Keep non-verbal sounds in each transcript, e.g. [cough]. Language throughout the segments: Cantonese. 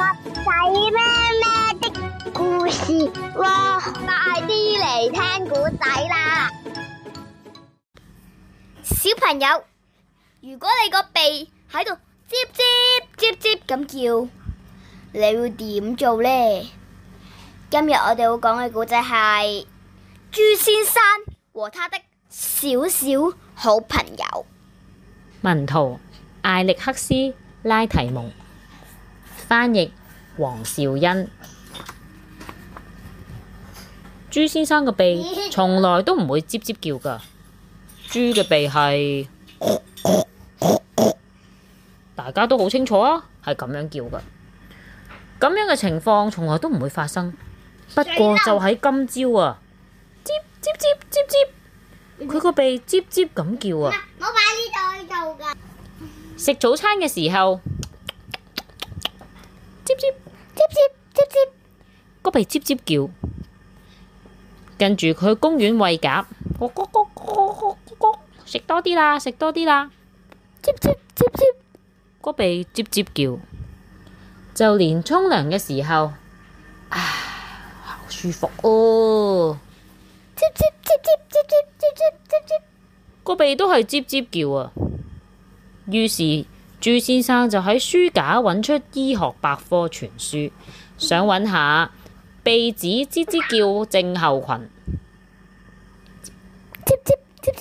仔咩咩的故事喎，快啲嚟聽古仔啦！小朋友，如果你個鼻喺度接接接接咁叫，你會點做呢？今日我哋會講嘅古仔係豬先生和他的小小好朋友。文圖：艾力克斯·拉提蒙。翻譯黃兆恩，豬先生個鼻 [laughs] 從來都唔會唧唧叫噶豬嘅鼻係， [laughs] 大家都好清楚啊，係咁樣叫噶咁樣嘅情況從來都唔會發生。不過就喺今朝啊，唧唧唧唧唧，佢個鼻唧唧咁叫啊， [laughs] [laughs] 食早餐嘅時候。接接接接接，個鼻接接叫，跟住佢去公園餵鴿，食多啲啦，食多啲啦，接接接接，個鼻接接叫，就連沖涼嘅時候，唉，好舒服哦，接接接接接接接接，個鼻都係接接叫啊，於是。identified. 豬先生就喺書架揾出醫學百科全書，想揾下鼻子吱吱叫症候群。刺刺刺刺，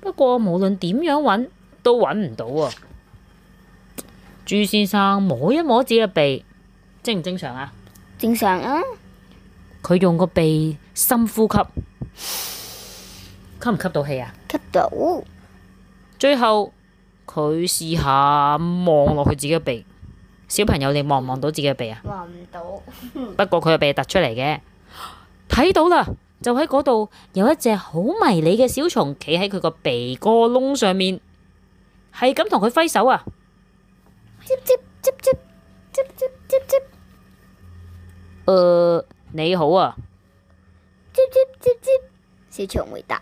不過無論點樣揾都揾唔到啊！豬先生摸一摸自己嘅鼻，正唔正常啊？正常啊！佢用個鼻深呼吸，吸唔吸到氣啊？吸到。最後。佢試下望落去自己個鼻，小朋友，你望唔望到自己個鼻啊？望唔到。不過佢個鼻突出嚟嘅，睇到啦，就喺嗰度有一隻好迷你嘅小蟲企喺佢個鼻哥窿上面，係咁同佢揮手啊！接接接接接接接接，呃，你好啊！接接接接，小蟲回答，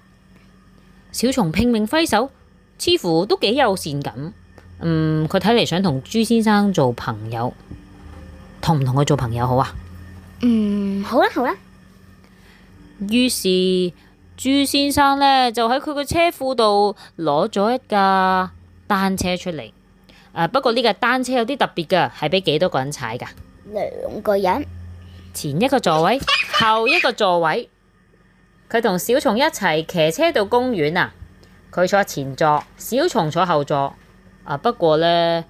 小蟲拼命揮手。似乎都幾友善咁，嗯，佢睇嚟想同豬先生做朋友，同唔同佢做朋友好啊？嗯，好啦，好啦。於是豬先生呢，就喺佢個車庫度攞咗一架單車出嚟，誒，不過呢架單車有啲特別㗎，係畀幾多個人踩㗎？兩個人，前一個座位，後一個座位，佢同小蟲一齊騎車到公園啊！佢坐前座，小蟲坐後座。啊，不過呢，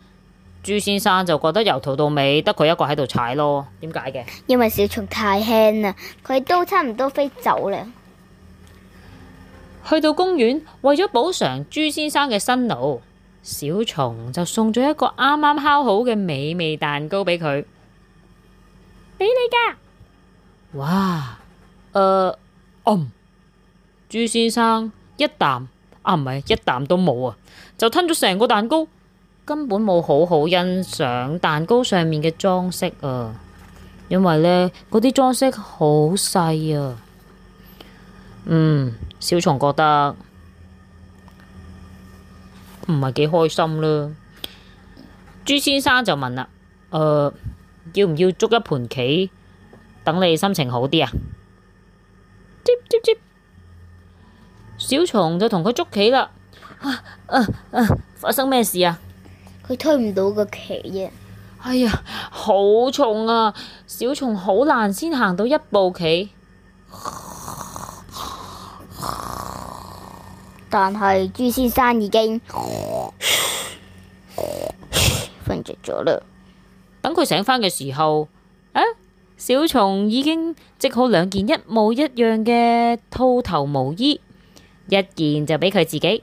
豬先生就覺得由頭到尾得佢一個喺度踩咯。點解嘅？因為小蟲太輕啦，佢都差唔多飛走啦。去到公園，為咗補償豬先生嘅辛勞，小蟲就送咗一個啱啱烤好嘅美味蛋糕俾佢。畀你㗎！哇！呃！哦！豬先生一啖。啊，唔係一啖都冇啊，就吞咗成個蛋糕，根本冇好好欣賞蛋糕上面嘅裝飾啊，因為呢，嗰啲裝飾好細啊。嗯，小蟲覺得唔係幾開心啦。豬先生就問啦，誒，要唔要捉一盤棋，等你心情好啲啊？接接接。小蟲就同佢捉棋啦，啊啊。啊，發生咩事啊？佢推唔到個棋啊！哎呀，好重啊！小蟲好難先行到一步棋。但係豬先生已經瞓着咗啦。 [laughs] [laughs] [laughs] 了等佢醒返嘅時候，啊，小蟲已經織好兩件一模一樣嘅套頭毛衣。一件就俾佢自己，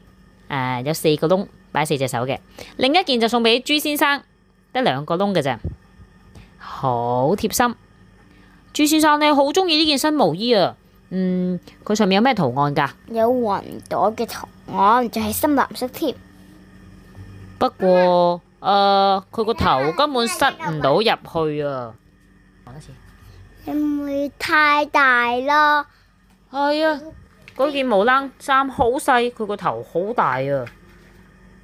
誒有四個窿，擺四隻手嘅。另一件就送俾朱先生，得兩個窿嘅啫，好貼心。朱先生，你好中意呢件新毛衣啊，嗯，佢上面有咩圖案噶？有雲朵嘅圖案，就係深藍色添。不過，誒，佢個頭根本塞唔到入去啊。會唔會太大咯？係啊。嗰件毛冷衫好細，佢個頭好大啊！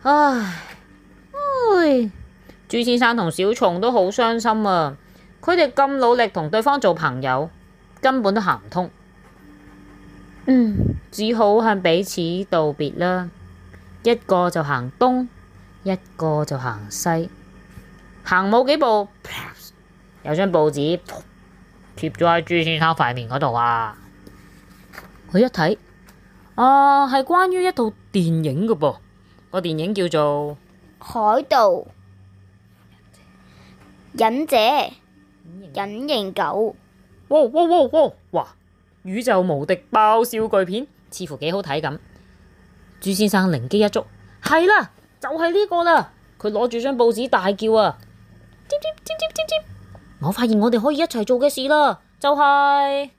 唉，豬先生同小蟲都好傷心啊！佢哋咁努力同對方做朋友，根本都行唔通。嗯，只好向彼此道別啦。一個就行東，一個就行西，行冇幾步，有張報紙貼咗喺豬先生塊面嗰度啊！佢一睇，啊，係關於一套電影㗎噃，個電影叫做《海盜忍者隱形狗》。哇哇哇哇！哇，宇宙無敵爆笑巨片，似乎幾好睇咁。豬先生靈機一觸，係啦，就係呢個啦。佢攞住張報紙大叫啊！尖尖尖尖尖尖！我發現我哋可以一齊做嘅事啦，就係。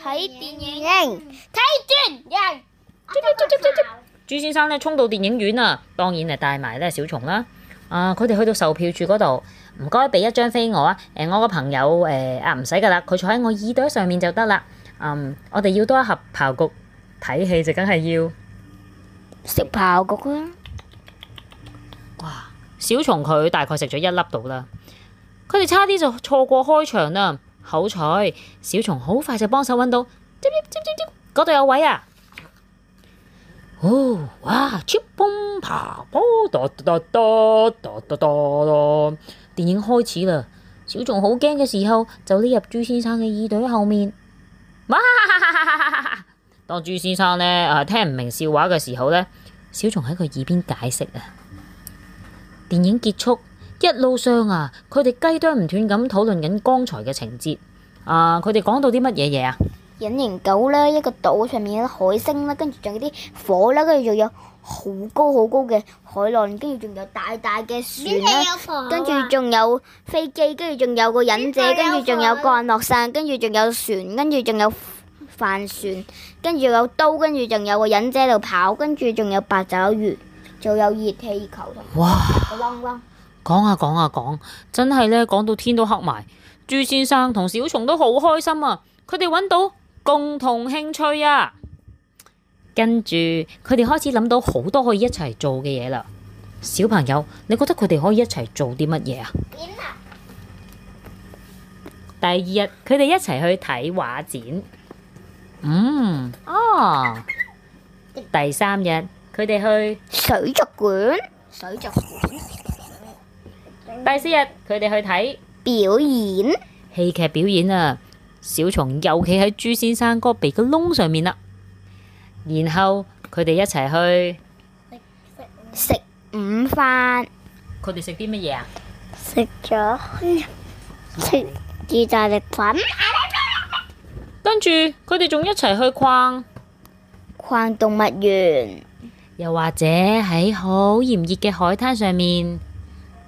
睇電影，睇電影，豬先生咧，衝到電影院啊！當然係帶埋呢小蟲啦。啊、呃，佢哋去到售票處嗰度，唔該俾一張飛我啊！誒、呃，我個朋友誒啊，唔使噶啦，佢、呃、坐喺我耳朵上面就得啦。嗯、呃，我哋要多一盒爆谷，睇戲就梗係要食爆谷啦。啊、哇！小蟲佢大概食咗一粒度啦，佢哋差啲就錯過開場啦。好彩，小蟲好快就幫手搵到，嗰度有位啊！哦，哇，jumping，爬坡，噠噠噠噠，噠，噠，噠，噠，電影開始啦！小蟲好驚嘅時候，就匿入豬先生嘅耳朵後面。哇哈哈哈哈！當豬先生呢，啊聽唔明笑話嘅時候呢，小蟲喺佢耳邊解釋啊。電影結束。一路上啊，佢哋雞啄唔斷咁討論緊剛才嘅情節啊！佢哋講到啲乜嘢嘢啊？隱形狗啦，一個島上面有海星啦，跟住仲有啲火啦，跟住仲有好高好高嘅海浪，跟住仲有大大嘅船啦，跟住仲有飛機，跟住仲有個忍者，跟住仲有降落傘，跟住仲有船，跟住仲有帆船，跟住仲有刀，跟住仲有個忍者喺度跑，跟住仲有八爪魚，仲有熱氣球同，哇！講啊講啊講，真係咧講到天都黑埋。豬先生同小蟲都好開心啊，佢哋揾到共同興趣啊。跟住佢哋開始諗到好多可以一齊做嘅嘢啦。小朋友，你覺得佢哋可以一齊做啲乜嘢啊？第二日佢哋一齊去睇畫展。嗯哦。啊、第三日佢哋去水族館。水族館。第四日，佢哋去睇表演，戲劇表演啊！小蟲又企喺豬先生個鼻個窿上面啦、啊。然後佢哋一齊去食食午飯。佢哋食啲乜嘢啊？食咗食意大利粉。跟住佢哋仲一齊去逛逛動物園，又或者喺好炎熱嘅海灘上面，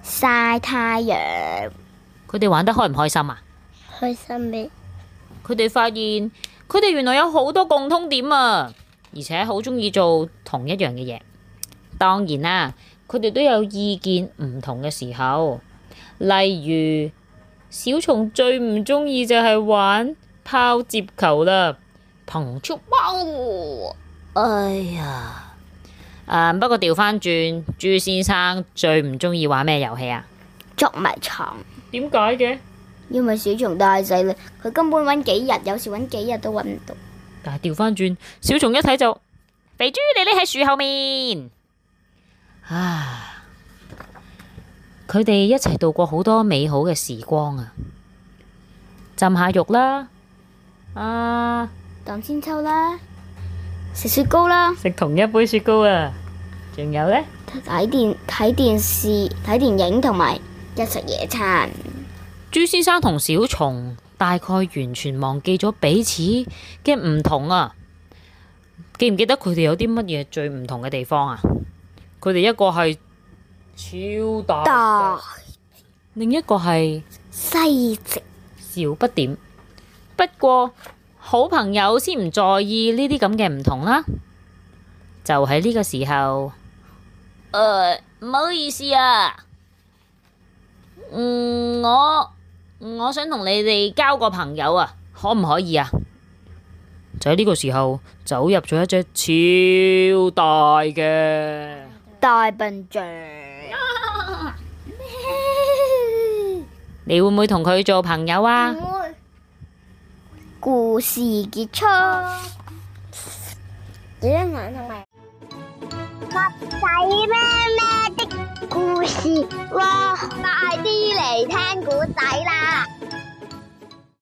曬太陽，佢哋玩得開唔開心啊？開心咩？佢哋發現佢哋原來有好多共通點啊，而且好鍾意做同一樣嘅嘢。當然啦、啊，佢哋都有意見唔同嘅時候，例如小蟲最唔鍾意就係玩拋接球啦，彭出包，哎呀！嗯、不過調返轉，豬先生最唔中意玩咩遊戲啊？捉迷藏。點解嘅？因為小蟲太細啦，佢根本揾幾日，有時揾幾日都揾唔到。但係調返轉，小蟲一睇就，肥豬你匿喺樹後面。啊！佢哋一齊度過好多美好嘅時光啊！浸下浴啦，啊，盪鞦韆啦。食雪糕啦，食同一杯雪糕啊！仲有呢？睇電睇電視睇電影同埋日食野餐。豬先生同小蟲大概完全忘記咗彼此嘅唔同啊！記唔記得佢哋有啲乜嘢最唔同嘅地方啊？佢哋一個係超大，大，大，另一個係細隻。小不點。不過。好朋友先唔在意呢啲咁嘅唔同啦，啊。就喺呢個時候，呃、唔好意思啊，嗯，我我想同你哋交個朋友啊，可唔可以啊？就喺呢個時候，走入咗一隻超大嘅大笨象， [laughs] 你會唔會同佢做朋友啊？故事結束，你一眼係咪？襪仔咩咩的故事咯，快啲嚟聽故仔啦！